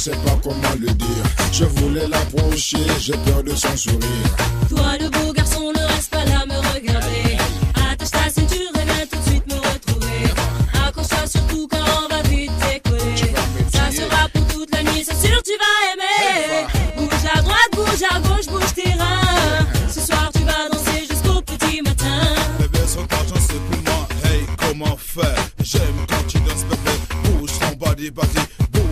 sais pas comment le dire. Je voulais l'approcher, j'ai peur de son sourire. Toi, le beau garçon, ne reste pas là, me regarder. Attache ta ceinture et viens tout de suite me retrouver. Accroche-toi surtout quand on va vite décoller. Ça sera pour toute la nuit, c'est sûr, tu vas aimer. Bouge à droite, bouge à gauche, bouge tes reins. Ce soir, tu vas danser jusqu'au petit matin. Bébé, son argent, c'est pour moi. Hey, comment faire? J'aime quand tu danses, bébé. Bouge ton body, body.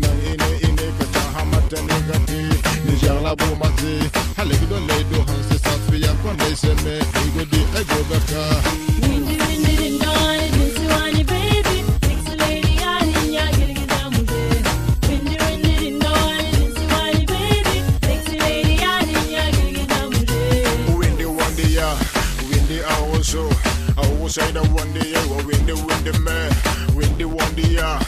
mana ine ine kata hamata ne gati nijar bo mati hale gido le hansi safi kwa ne seme igo di ego baka Windu windu one day I will win the man, win one day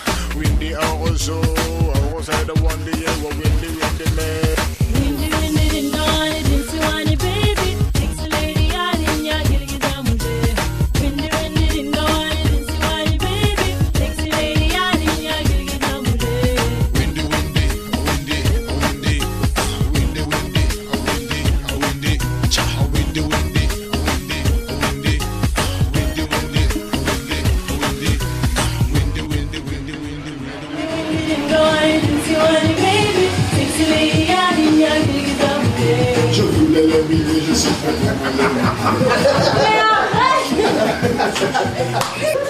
the also. I was the one the year we live in the man. 왜요? 아,